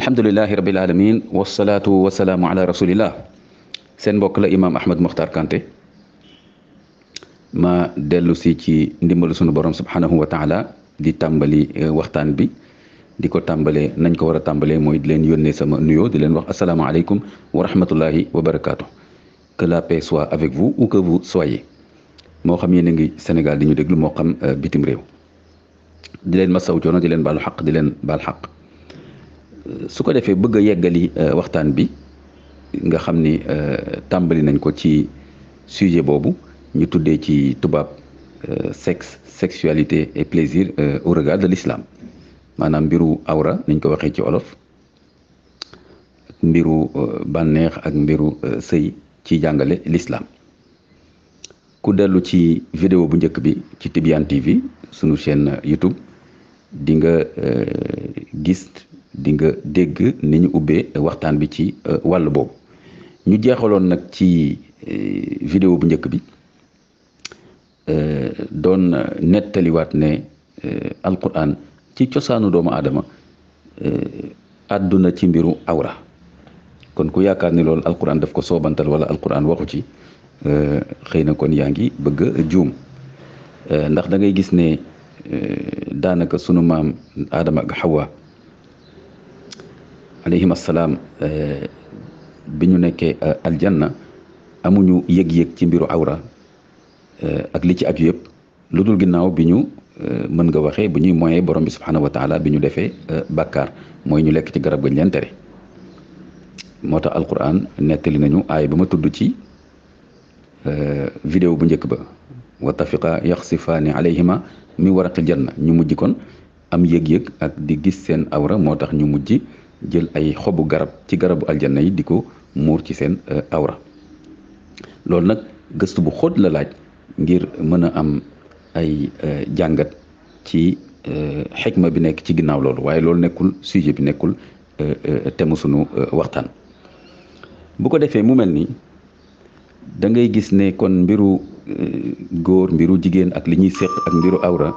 الحمد لله رب العالمين والصلاة والسلام على رسول الله سن la imaam Ahmed Mokhtar Kanté ma dellu si ci ndimbalu sunu borom subhanahu wa taala di tàmbali waxtaan bi di ko tàmbalee nañ ko war a tàmbalee mooy di leen yónnee السلام عليكم ورحمة الله وبركاته wa rahmatullahi wa que la paix soit avec vous ou que vous soyez mo xam yene ngi Sénégal di ñu déglu mo xam bitim rew di leen masaw coono di len baalu haq di len bal haq su ko defee bëgg yeggali euh, waxtaan bi nga xam ni euh, tàmbali nañ ko ci sujet boobu ñu tuddee ci tubaab euh, sexe sexualité et plaisir au regard de l'islam maanaam mbiru awra niñ ko waxee ci olof mbiru bànneex ak mbiru sëy ci jàngale l'islam ku dellu ci vidéo bu njëkk bi ci Tidiane TV sunu chaîne YouTube di nga gis di nga dégg ni ñu ubbee waxtaan bi ci euh, wàll boobu ñu jeexaloon nag ci euh, vidéo bu njëkk bi euh, doon nettaliwaat ne alquran ci cosaanu doomu aadama àdduna ci mbiru awra kon ku yaakaar ni loolu alquran daf ko soobantal wala alquran waxu ci xëy na kon yaa ngi bëgg a juum ndax dangay gis ne daanaka sunu maam adama ak xawa alayhim assalaam eh, bi ñu nekkee eh, aljanna amuñu yég yëg ci mbiru awra eh, ak li ci aju yëpp lu dul ginnaaw bi ñu mën nga waxee bu ñuy moyee borom bi subhanahu wa taala bi ñu defee bàkkaar mooy ñu lekk ci garab gañ leen tere moo tax alquran nettali nañu aay ba ma tudd ci video bu njëkk ba wa tafiqa yaxsifaani alayhima mi waraqil janna ñu mujj kon am yëg-yëg ak di gis seen awra moo tax ñu mujj jël ay xobu garab ci garabu aljanna yi di ko muur ci seen euh, awra loolu nag gëstu bu xóot la laaj ngir mën a am ay euh, jàngat ci euh, xikma bi nekk ci ginnaaw loolu waaye loolu nekkul sujet bi nekkul te ma sunu waxtaan bu ko defee mu mel ni da ngay gis ne kon mbiru góor mbiru jigéen ak li ñuy séq ak mbiru awra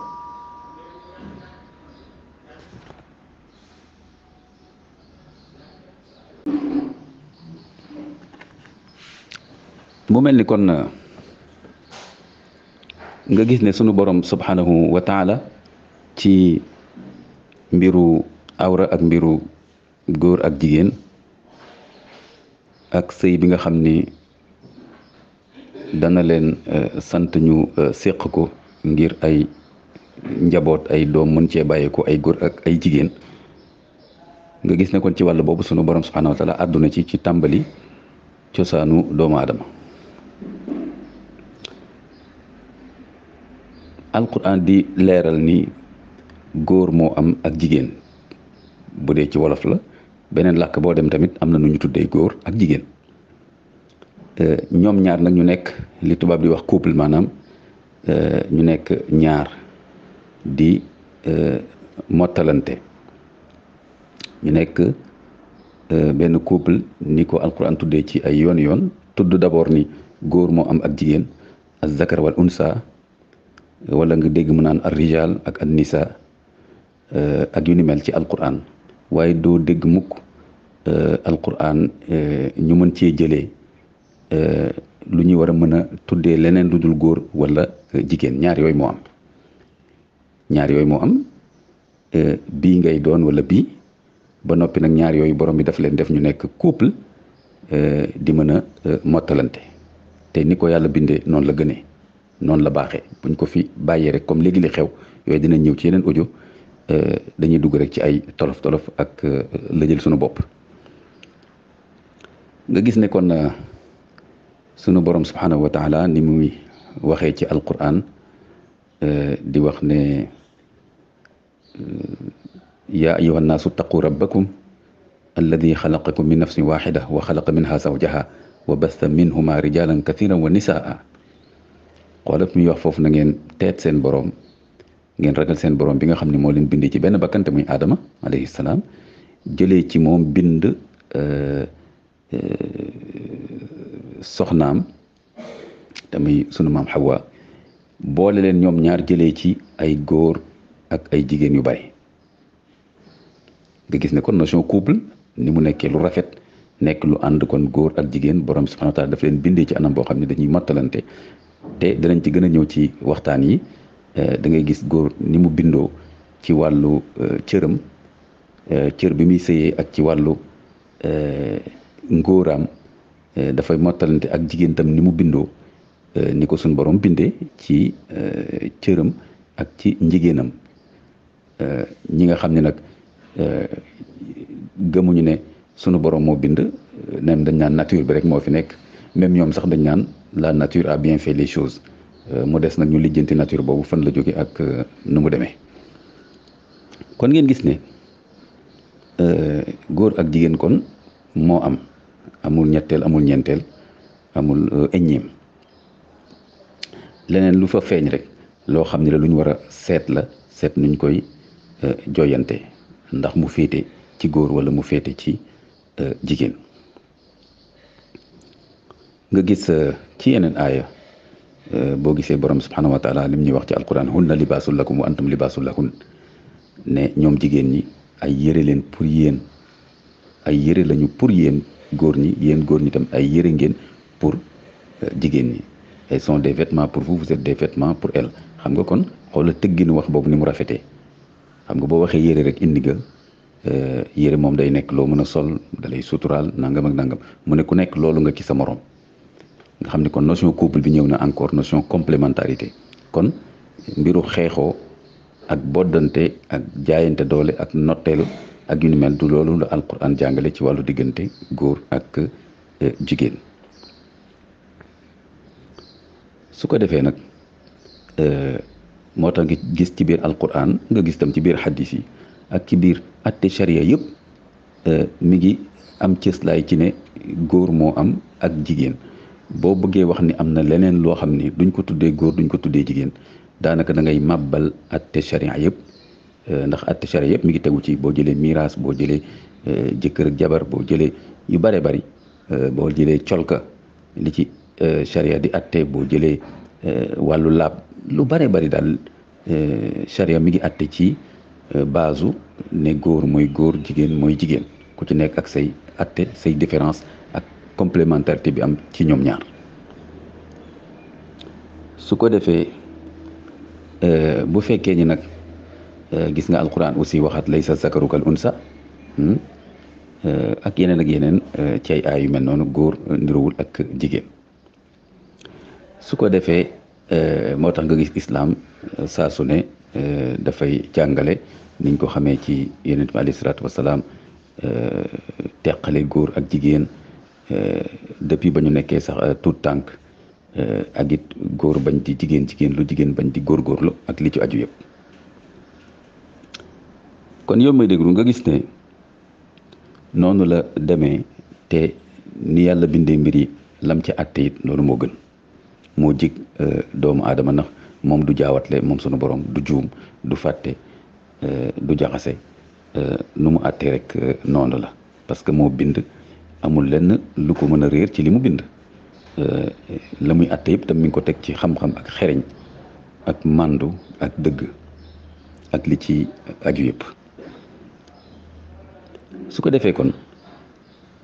mu mel ni kon na nga gis ne sunu borom subhanahu wa taala ci mbiru awra ak mbiru góor ak jigéen ak sëy bi nga xam ni dana leen euh, sant ñu euh, séq ko ngir ay njaboot ay doom mën cee bàyyeekoo ay góor ak ay jigéen nga gis ne kon ci wàll boobu sunu borom subhanahu wa taala àdduna ci ci tàmbali cosaanu doomu aadama alquran di leeral ni góor moo am ak jigéen bu dee ci wolof la beneen làkk boo dem tamit am na nu ñu tuddee góor ak jigéen euh, ñoom ñaar nag ñu nekk li tubaab di wax couple maanaam euh, ñu nekk ñaar di euh, mottalante ñu nekk benn couple ni ko alquran tuddee ci ay yoon yoon tudd d'abord ni góor moo am ak jigéen az zakar wal unsa wala nga dégg mu naan ar rijal ak an nisa euh, ak yu ni mel ci alquran waaye doo dégg mukk euh, alquran euh, ñu mën cee jëlee lu ñuy war a mën a tuddee leneen lu dul góor wala jigéen ñaar yooyu moo am yooyu moo am bii ngay doon wala bii ba noppi nag ñaar yooyu borom bi daf leen def ñu nekk couple di mën a mottalante te ni ko yàlla bindee noonu la gënee non la baxé buñ ko fi bayé rek comme légui li xew yoy dina ñëw ci yenen audio euh dañuy dugg rek ci ay tolof tolof ak la jël sunu bop nga gis ne kon sunu borom subhanahu wa taala ni muy waxé ci alquran euh di wax ne يا أيها الناس اتقوا ربكم الذي خلقكم من نفس واحدة وخلق منها زوجها وبث منهما رجالا كثيرا ونساء xoolal muy wax foofu nangeen ngeen teet seen boroom ngeen ragal seen boroom bi nga xam ne moo leen bind ci benn bakkante muy Adama alayhi salaam jëlee ci moom bind euh, euh, soxnaam tamit sunu maam Hawa boole leen ñoom ñaar jëlee ci ay góor ak ay jigéen yu bari nga gis ne kon notion couple ni mu nekkee lu rafet nekk lu ànd kon góor ak jigéen borom subhanahu wa daf leen bindee ci anam boo xam ne dañuy mattalante te danañ ci gën a ñëw ci waxtaan yi eh, dangay gis góor ni mu bindoo ci wàllu eh, cëram eh, cër bi muy sëyee ak ci wàllu ngóoraam dafay mottalante ak jigéentam ni mu bindoo ni ko suñ borom bindee ci cëram ak ci njigéenam ñi nga xam ne nag gëmuñu ne sunu borom moo bind nem dañ naan nature bi rek moo fi nekk même ñoom sax dañ naan la nature a bien fait les chose euh, mu des nag ñu lijjanti nature boobu fan la jóge ak euh, nu mu demee kon ngeen gis ne euh, góor ak jigéen kon moo am amul ñetteel amul ñeenteel amul eññeem leneen lu fa feeñ rek loo xam ne la lu ñu war a seet la seet nuñ koy joyante ndax mu féete ci góor walla mu féete ci jigéen nga gis euh, ci yeneen aaya euh, boo gisee borom subhanahu wa taala lim ñuy wax ci alquran hunna libaasul lakum wa antum la lahun ne ñoom jigéen ñi ay yére leen pour yéen ay yére lañu pour yéen góor ñi yéen góor ñi tam ay yére ngeen pour euh, jigéen ñi ay sont des vêtements pour vous vous êtes des pour elles xam nga kon xoola tëgginu wax boobu ni mu rafetee xam nga boo waxee yére rek indi nga yére moom day nekk loo mën a sol dalay suturaal nangam ak nangam mu ne nekk loolu nga ci sa morom nga xam ne kon notion couple bi ñëw na encore notion complémentarité kon mbiru xeexoo ak boddante ak jaayante doole ak notteel ak yu ni mel du loolu la alquran jàngale ci wàllu diggante góor ak eh, jigéen su ko defee nag eh, moo tax nga gis ci biir alquran nga gis tam ci biir xaddis yi ak ci biir atte charia yëpp eh, mi ngi am cëslaay ci ne góor moo am ak jigéen boo bëggee wax ni am na leneen loo xam ni duñ ko tuddee góor duñ ko tuddee jigéen daanaka dangay ngay màbbal atte charia yëpp euh, ndax atte charia yëpp mi ngi tegu ci boo jëlee miraas boo jëlee euh, jëkkër ak jabar boo jëlee yu bare bari euh, boo jëlee colka li ci charia di atte boo jëlee wàllu laab lu bare bari daal charia mi ngi atte ci baasu ne góor mooy góor jigéen mooy jigéen ku ci nekk ak say atte say différence complémentarité bi am ci ñoom ñaar su ko defee euh, bu fekkee ni nag euh, gis nga alquran aussi waxaat laysa zakaru kal unsa hmm, euh, ak yeneen ak yeneen ci ay aay yu mel noonu góor ndurawul ak jigéen su ko defee moo tax nga gis islaam saa su ne dafay jàngale niñ ko xamee ci yeneen bi alayhi salaatu wasalaam teqale góor ak jigéen Euh, depuis ba ñu nekkee sax euh, tout tànk euh, ak it góor bañ di jigéen jigéen lu jigéen bañ di góorgóorlu ak li aju yëpp kon yow may déglu nga gis ne noonu la demee te ni yàlla bindee mbir yi lam ci àtte it noonu moo gën moo jig doomu aadama ndax moom du jaawatle moom sunu borom du juum du fàtte du jaxase nu mu àttee rek noonu la parce que moo bind amul lenn lu ko mën a réer ci li mu bind euh, la muy àtte yëpp tam mi ngi ko teg ci xam-xam ak xereñ ak màndu ak dëgg ak li ci aju yëpp su ko defee kon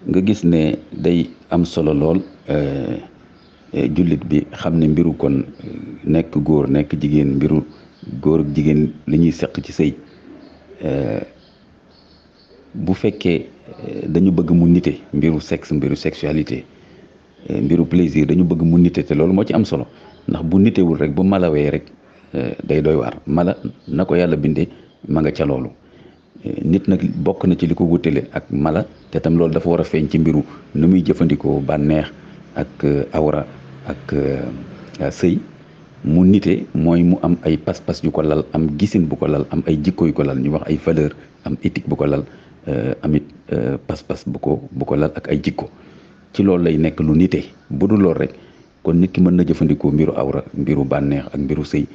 nga gis ne day am solo lool euh, euh, jullit bi xam ne mbiru kon nekk góor nekk jigéen mbiru góor ak jigéen li ñuy seq ci sëy bu fekkee Euh, dañu bëgg mu nite mbiru sexe mbiru sexualité euh, mbiru plaisir dañu bëgg mu nite te loolu moo ci am solo ndax bu nitewul rek bu malawee rek euh, day doy waar mala na ko yàlla bindee ma nga ca loolu nit nag bokk na ci li ko wutale ak mala te tam loolu dafa war a feeñ ci mbiru nu muy jëfandikoo bànneex ak awra ak sëy mu nite mooy mu am ay pas-pas yu ko lal am gisin bu ko lal am ay jikko yu ko lal ñu wax ay valeur am éthique bu ko lal Euh, amit euh, pas-pas bu ko bu ko lal ak ay jikko ci loolu lay nekk lu nite bu du lool rek kon nit ki mën na jëfandikoo mbiru awra mbiru bànneex ak mbiru sëy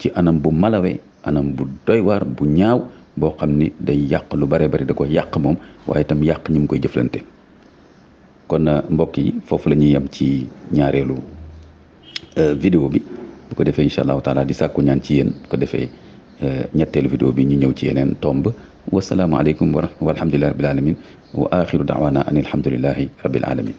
ci anam bu malawe anam bu doy waar bu ñaaw boo xam ni day yàq lu bare bari da ko yàq moom waaye itam yàq ñi mu koy jëflante kon euh, mbokk yi foofu la ñuy yem ci ñaareelu vidéo bi bu ko defee incha allahu taala di sàkku ñaan ci yéen bu ko defee نتيل فيديو بي نيو تي تومب والسلام عليكم ورحمه الله وبركاته العالمين واخر دعوانا ان الحمد لله رب العالمين